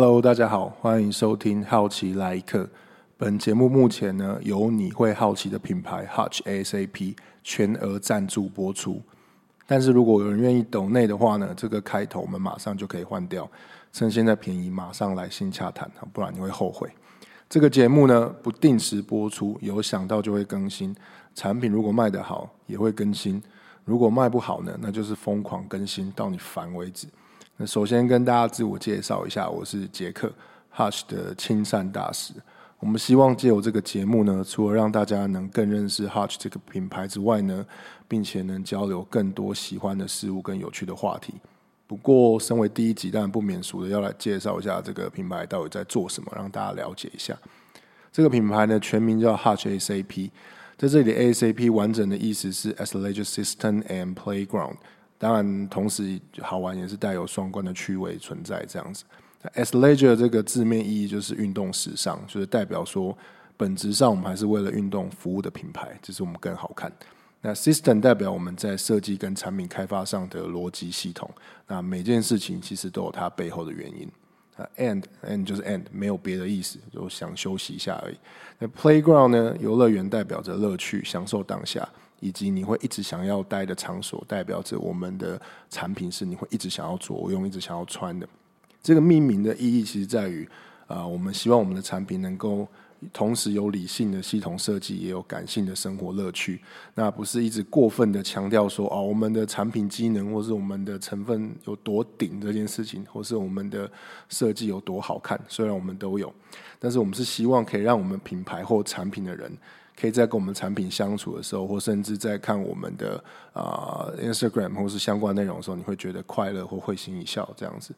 Hello，大家好，歡迎收聽《好奇來客》。本節目目前呢，由你會好奇的品牌 Hutch ASAP 全額贊助播出。但是如果有人願意抖內的話呢，這個開頭我們馬上就可以換掉。趁現在便宜，馬上來信洽談，不然你會後悔。這個節目呢，不定時播出，有想到就會更新。產品如果賣得好，也會更新；如果賣不好呢，那就是瘋狂更新到你煩為止。那首先跟大家自我介紹一下，我是傑克，Hutch 的親善大使。我們希望借由這個節目呢，除了讓大家能更認識 Hutch 這個品牌之外呢，並且能交流更多喜歡的事物跟有趣的話題。不過，身為第一集，當然不免俗的要來介紹一下這個品牌到底在做什麼，讓大家了解一下。這個品牌呢，全名叫 Hutch ASAP，在這裡的 ASAP 完整的意思是 Acoustic System and Playground。當然，同時好玩也是帶有雙關的趣味存在這樣子。那 Athleisure 這個字面意義就是運動時尚，就是代表說，本質上我們還是為了運動服務的品牌，這是我們更好看。那 System 代表我們在設計跟產品開發上的邏輯系統。那每件事情其實都有它背後的原因。And And 就是 And，沒有別的意思，就想休息一下而已。那 Playground 呢？遊樂園代表着樂趣，享受當下。以及你會一直想要待的場所，代表着我們的產品是你會一直想要著用、一直想要穿的。這個命名的意義，其實在於啊、呃，我們希望我們的產品能夠同時有理性的系統設計，也有感性的生活樂趣。那不是一直過分的強調說哦、啊，我們的產品機能或是我們的成分有多頂這件事情，或是我們的設計有多好看。雖然我們都有，但是我們是希望可以讓我們品牌或產品的人。可以在跟我們產品相處的時候，或甚至在看我們的啊、呃、Instagram 或是相關內容的時候，你會覺得快樂或會心一笑這樣子。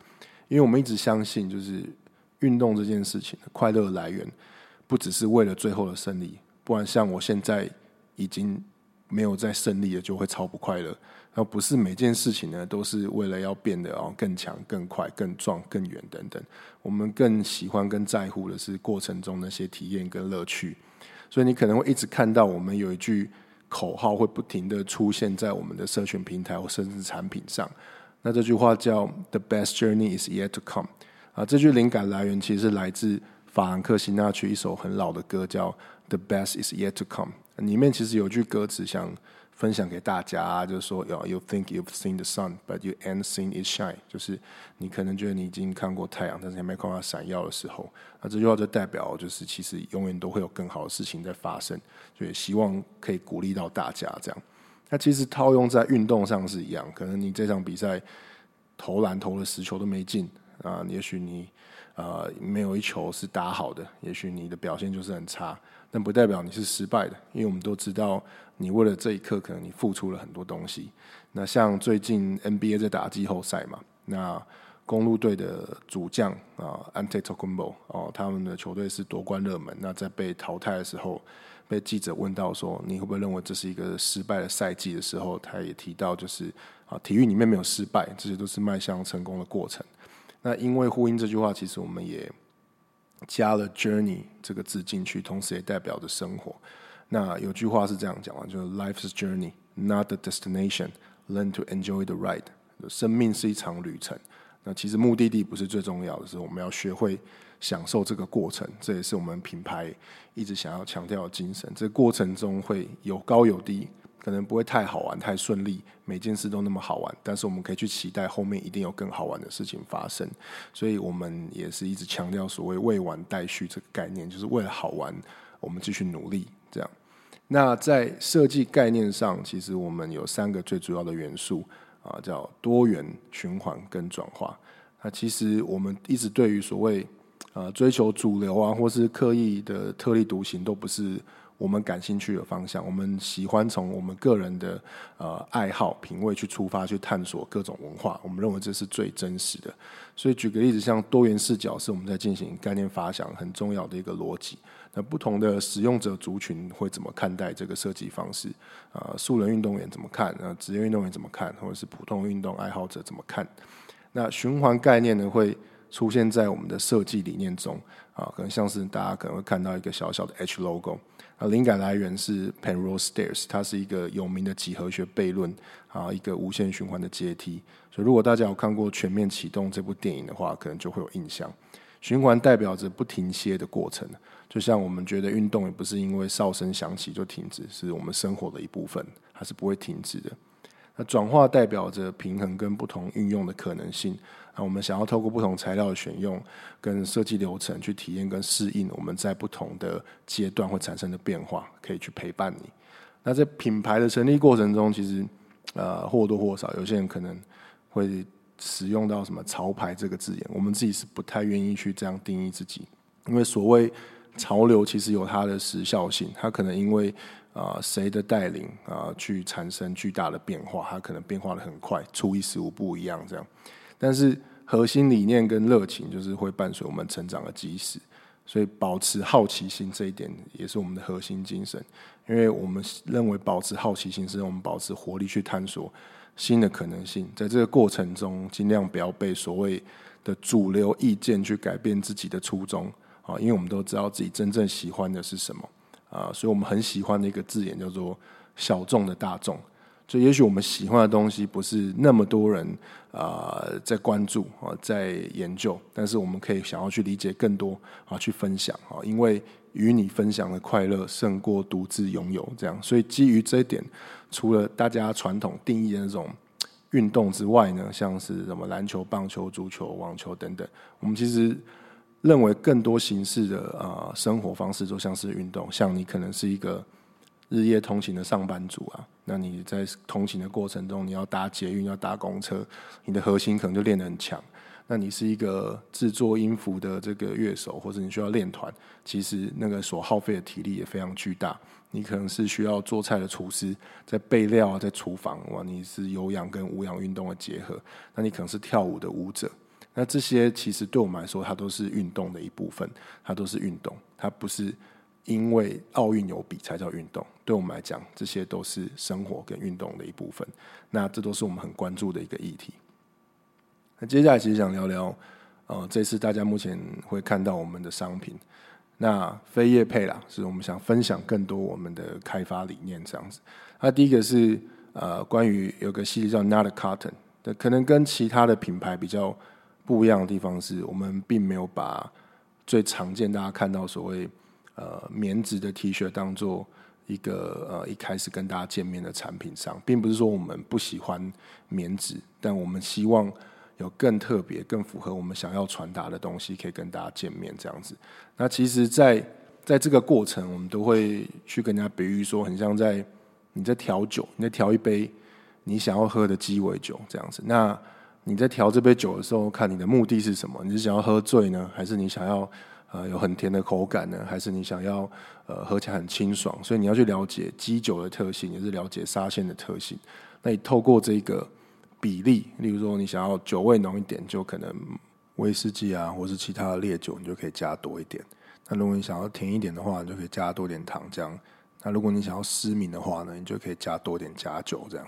因為我們一直相信，就是運動這件事情，快樂的來源不只是為了最後的勝利。不然，像我現在已經沒有在勝利了，就會超不快樂。那不是每件事情呢都是為了要變得哦更強、更快、更壯、更遠等等。我們更喜歡跟在乎的是過程中那些體驗跟樂趣。所以你可能會一直看到我們有一句口號會不停的出現在我們的社群平台或甚至產品上，那這句話叫 "The best journey is yet to come" 啊，這句靈感來源其實來自法蘭克辛納屈一首很老的歌叫 "The best is yet to come"，裡面其實有句歌詞想。分享給大家、啊，就是說，You think you've seen the sun, but you ain't seen it shine。就是你可能覺得你已經看過太陽，但是還沒看到它閃耀的時候。那這句話就代表，就是其實永遠都會有更好的事情在發生。所以希望可以鼓勵到大家這樣。那其實套用在運動上是一樣，可能你這場比賽投籃投了十球都沒進啊、呃，也許你啊、呃，沒有一球是打好的，也許你的表現就是很差，但不代表你是失敗的，因為我們都知道。你為了這一刻，可能你付出了很多東西。那像最近 NBA 在打季後賽嘛，那公鹿隊的主將啊 Antetokounmpo 哦，他們的球隊是奪冠熱門。那在被淘汰的時候，被記者問到說，你會不會認為這是一個失敗的賽季的時候，他也提到就是啊，體育裡面沒有失敗，這些都是邁向成功的過程。那因為呼應這句話，其實我們也加了 journey 這個字進去，同時也代表着生活。那有句話是這樣講啊，就是 Life's journey, not the destination. Learn to enjoy the ride. 生命是一場旅程。那其實目的地不是最重要的，是我們要學會享受這個過程。這也是我們品牌一直想要強調的精神。這個過程中會有高有低，可能不會太好玩、太順利，每件事都那麼好玩。但是我們可以去期待後面一定有更好玩的事情發生。所以我們也是一直強調所謂“未完待續”這個概念，就是為了好玩，我們繼續努力這樣。那在設計概念上，其實我們有三個最主要的元素啊，叫多元循環跟轉化。那、啊、其實我們一直對於所謂啊，追求主流啊，或是刻意的特立獨行，都不是我們感興趣的方向。我們喜歡從我們個人的啊，愛好品味去出發，去探索各種文化。我們認為這是最真實的。所以舉個例子，像多元視角是我們在進行概念發想很重要的一個邏輯。那不同的使用者族群會怎麼看待這個設計方式？啊，素人運動員怎麼看？啊，職業運動員怎麼看？或者是普通運動愛好者怎麼看？啊？那循環概念呢，會出現在我們的設計理念中啊？可能像是大家可能會看到一個小小的 H logo，啊，靈感來源是 Penrose Stairs，它是一個有名的幾何學悖論啊，一個無限循環的階梯。所以，如果大家有看過《全面啟動》這部電影的話，可能就會有印象。循環代表着不停歇的過程。就像我們覺得運動也不是因為哨聲響起就停止，是我們生活的一部分，它是不會停止的。那轉化代表着平衡跟不同運用的可能性。那我們想要透過不同材料的選用跟設計流程去體驗跟適應，我們在不同的階段會產生的變化，可以去陪伴你。那在品牌的成立過程中，其實呃或多或少，有些人可能會使用到什麼潮牌這個字眼，我們自己是不太願意去這樣定義自己，因為所謂。潮流其實有它的時效性，它可能因為啊、呃、誰的帶領啊、呃、去產生巨大的變化，它可能變化的很快，初一十五不一樣這樣。但是核心理念跟熱情就是會伴隨我們成長的基石，所以保持好奇心這一點也是我們的核心精神。因為我們認為保持好奇心是讓我們保持活力去探索新的可能性，在這個過程中盡量不要被所謂的主流意見去改變自己的初衷。啊，因為我們都知道自己真正喜歡的是什麼啊，所以我們很喜歡的一個字眼叫做“小眾的大眾”。所以，也許我們喜歡的東西不是那麼多人啊在關注啊在研究，但是我們可以想要去理解更多啊，去分享啊，因為與你分享的快樂勝過獨自擁有。這樣，所以基於這一點，除了大家傳統定義的那種運動之外呢，像是什麼籃球、棒球、足球、網球等等，我們其實。認為更多形式的啊生活方式做像是運動，像你可能是一個日夜通勤的上班族啊，那你在通勤的過程中，你要搭捷運，要搭公車，你的核心可能就練得很強。那你是一個製作音符的這個樂手，或者你需要練團，其實那個所耗費的體力也非常巨大。你可能是需要做菜的廚師，在備料啊，在廚房哇、啊，你是有氧跟無氧運動的結合。那你可能是跳舞的舞者。那這些其實對我們來說，它都是運動的一部分，它都是運動，它不是因為奧運有比才叫運動。對我們來講，這些都是生活跟運動的一部分。那這都是我們很關注的一個議題。那接下來其實想聊聊，呃，這次大家目前會看到我們的商品，那非業配啦是我們想分享更多我們的開發理念這樣子。那第一個是呃，關於有個系列叫 Not a c a r t o n 那可能跟其他的品牌比較。不一樣的地方是我們並沒有把最常見大家看到所謂呃棉質的 T 恤當做一個呃一開始跟大家見面的產品上，並不是說我們不喜歡棉質，但我們希望有更特別、更符合我們想要傳達的東西，可以跟大家見面這樣子。那其實，在在這個過程，我們都會去跟人家比喻說，很像在你在調酒，你在調一杯你想要喝的雞尾酒這樣子。那你在調這杯酒的時候，看你的目的是什麼？你是想要喝醉呢？還是你想要呃有很甜的口感呢？還是你想要呃喝起來很清爽？所以你要去了解基酒的特性，也是了解沙縣的特性。那你透過這個比例，例如說你想要酒味濃一點，就可能威士忌啊，或是其他的烈酒，你就可以加多一點。那如果你想要甜一點的話，你就可以加多點糖漿。那如果你想要失明的話呢，你就可以加多點假酒這樣。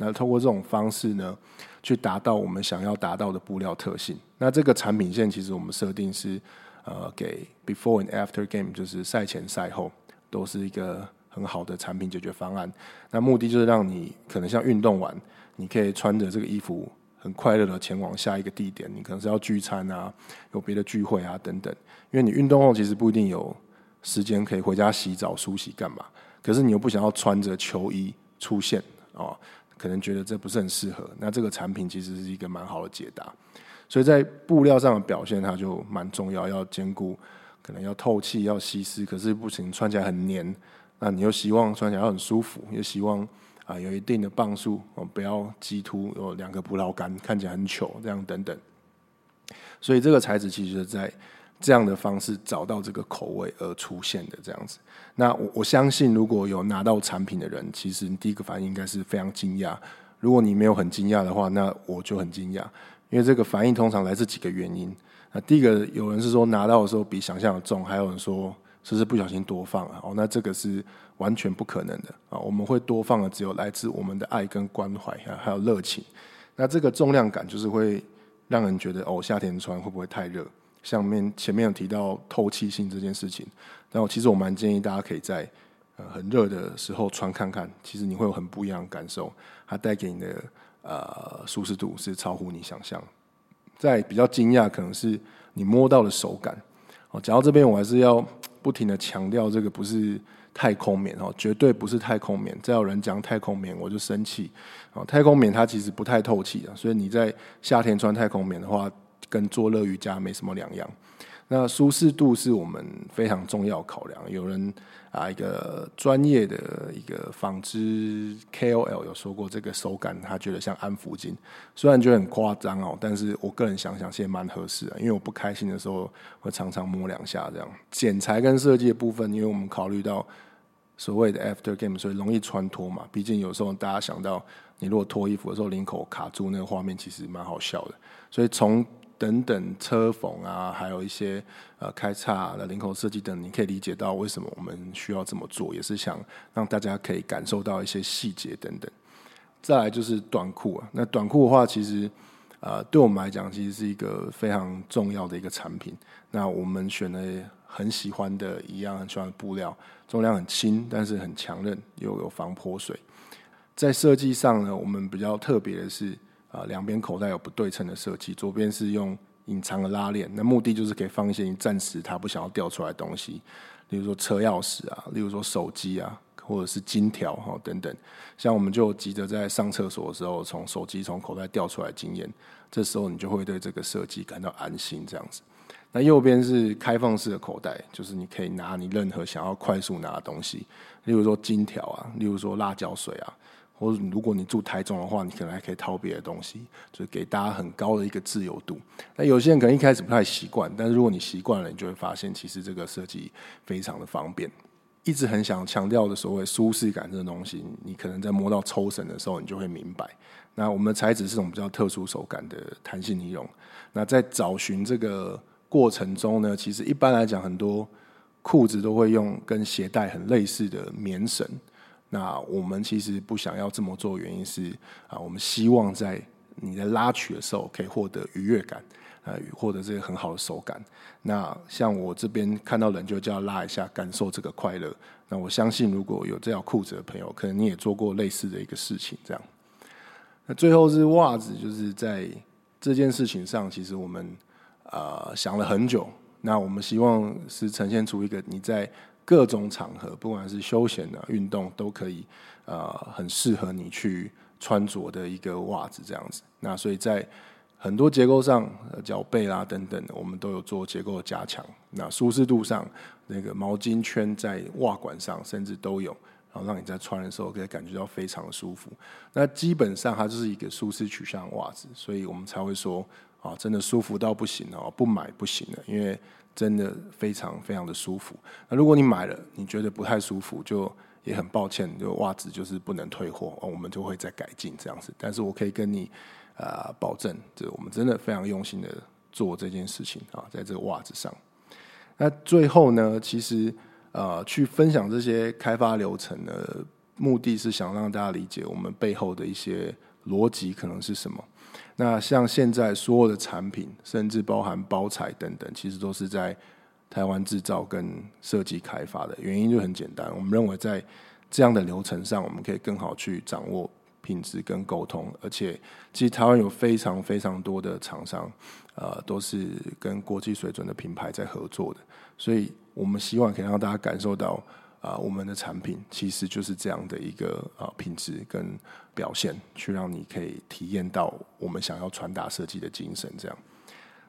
那通過這種方式呢，去達到我們想要達到的布料特性。那這個產品線其實我們設定是，呃，給 before and after game，就是賽前賽後都是一個很好的產品解決方案。那目的就是讓你可能像運動完，你可以穿着這個衣服，很快樂的前往下一個地點。你可能是要聚餐啊，有別的聚會啊等等。因為你運動後其實不一定有時間可以回家洗澡、梳洗幹嘛，可是你又不想要穿着球衣出現啊。可能覺得這不是很適合，那這個產品其實是一個蠻好的解答，所以在布料上的表現它就蠻重要，要兼顧可能要透氣、要吸濕，可是不行穿起來很黏，那你又希望穿起來很舒服，又希望啊有一定的磅數，哦不要激凸有、哦、兩個葡萄乾看起來很糗這樣等等，所以這個材質其實，在。這樣的方式找到這個口味而出現的這樣子，那我我相信如果有拿到產品的人，其實第一個反應應該是非常驚訝。如果你沒有很驚訝的話，那我就很驚訝，因為這個反應通常來自幾個原因。那第一個有人是說拿到的時候比想象的重，還有人說是不是不小心多放了啊？哦，那這個是完全不可能的啊！我們會多放的只有來自我們的愛跟關懷啊，還有熱情。那這個重量感就是會讓人覺得哦，夏天穿會不會太熱？像前面有提到透氣性這件事情，但我其實我蠻建議大家可以在呃很熱的時候穿看看，其實你會有很不一樣的感受，它帶給你的呃舒適度是超乎你想象在比較驚訝可能是你摸到的手感。哦，講到這邊我還是要不停的強調這個不是太空棉哦，絕對不是太空棉。再有人講太空棉我就生氣。哦，太空棉它其實不太透氣啊，所以你在夏天穿太空棉的話，跟做樂瑜伽沒什麼兩樣。那舒適度是我們非常重要考量。有人啊，一個專業的一個紡織 KOL 有說過，這個手感他覺得像安撫巾，雖然覺得很誇張哦，但是我個人想想，其實蠻合適的。因為我不開心的時候，會常常摸兩下這樣。剪裁、跟設計的部分，因為我們考慮到所謂的 After Game，所以容易穿脫嘛。畢竟有時候大家想到，你如果脫衣服的時候領口卡住，那個畫面其實蠻好笑的。所以從等等車縫啊，還有一些呃開叉的、啊、領口設計等等，你可以理解到為什麼我們需要這麼做，也是想讓大家可以感受到一些細節等等。再來就是短褲啊，那短褲的話，其實啊、呃，對我們來講，其實是一個非常重要的一個產品。那我們選了很喜歡的一樣，很喜歡的布料，重量很輕，但是很強韌，又有防潑水。在設計上呢，我們比較特別的是，啊，兩邊口袋有不對稱的設計，左邊是用隱藏的拉鏈，那目的就是可以放一些你暫時他不想要掉出來的東西，例如說車鑰匙啊，例如說手機啊，或者是金條哈、啊、等等。像我們就急着在上廁所的時候，從手機從口袋掉出來的經驗，這時候你就會對這個設計感到安心這樣子。那右邊是開放式的口袋，就是你可以拿你任何想要快速拿的東西，例如說金條啊，例如說辣椒水啊。或者如果你住台中的話，你可能還可以套別的東西，就是給大家很高的一個自由度。那有些人可能一開始不太習慣，但是如果你習慣了，你就會發現其實這個設計非常的方便。一直很想強調的所謂舒適感這東西，你可能在摸到抽繩的時候，你就會明白。那我們的材質是一種比較特殊手感的彈性尼龍。那在找尋這個過程中呢，其實一般來講，很多褲子都會用跟鞋帶很類似的棉繩。那我們其實不想要這麼做，原因是啊，我們希望在你在拉取的時候可以獲得愉悅感，啊，獲得這個很好的手感。那像我這邊看到人就叫拉一下，感受這個快樂。那我相信如果有這條褲子的朋友，可能你也做過類似的一個事情，這樣。那最後是襪子，就是在這件事情上，其實我們啊、呃、想了很久。那我們希望是呈現出一個你在。各種場合，不管是休閒的運動，都可以，啊，很適合你去穿着的一個襪子這樣子。那所以在很多結構上，腳背啦、啊、等等，我們都有做結構的加強。那舒適度上，那個毛巾圈在襪管上甚至都有，然後讓你在穿的時候可以感覺到非常的舒服。那基本上它就是一個舒適取向的襪子，所以我們才會說。啊，真的舒服到不行哦！啊，不買不行了，因為真的非常非常的舒服。那如果你買了，你覺得不太舒服，就也很抱歉，就襪子就是不能退貨，啊，我們就會再改進這樣子。但是我可以跟你啊保證，這我們真的非常用心的做這件事情啊，在這個襪子上。那最後呢，其實呃，啊，去分享這些開發流程的目的是想讓大家理解我們背後的一些邏輯可能是什麼。那像現在所有的產品，甚至包含包材等等，其實都是在台灣制造跟設計開發的。原因就很簡單，我們認為在這樣的流程上，我們可以更好去掌握品質跟溝通。而且，其實台灣有非常非常多的廠商，呃，都是跟國際水準的品牌在合作的。所以我們希望可以讓大家感受到。啊、呃，我們的產品其實就是這樣的一個啊、呃、品質跟表現，去讓你可以體驗到我們想要傳達設計的精神，這樣，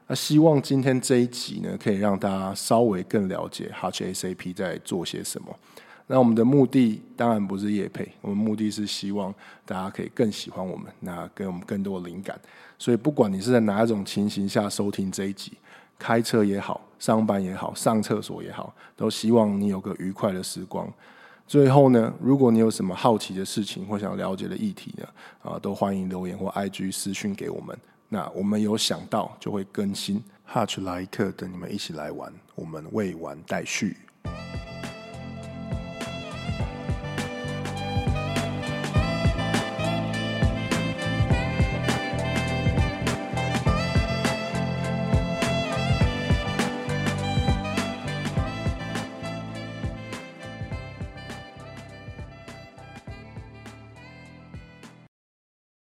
那希望今天這一集呢，可以讓大家稍微更了解 Hutch ASAP 在做些什麼。那我們的目的當然不是業配，我們目的是希望大家可以更喜歡我們，那給我們更多靈感。所以不管你是在哪一種情形下收聽這一集，開車也好，上班也好，上廁所也好，都希望你有個愉快的時光。最後呢，如果你有什麼好奇的事情或想了解的議題呢，啊，都歡迎留言或 IG 私訊給我們。那我們有想到就會更新 Hutch ASAP 等你們一起來玩。我們未完待續。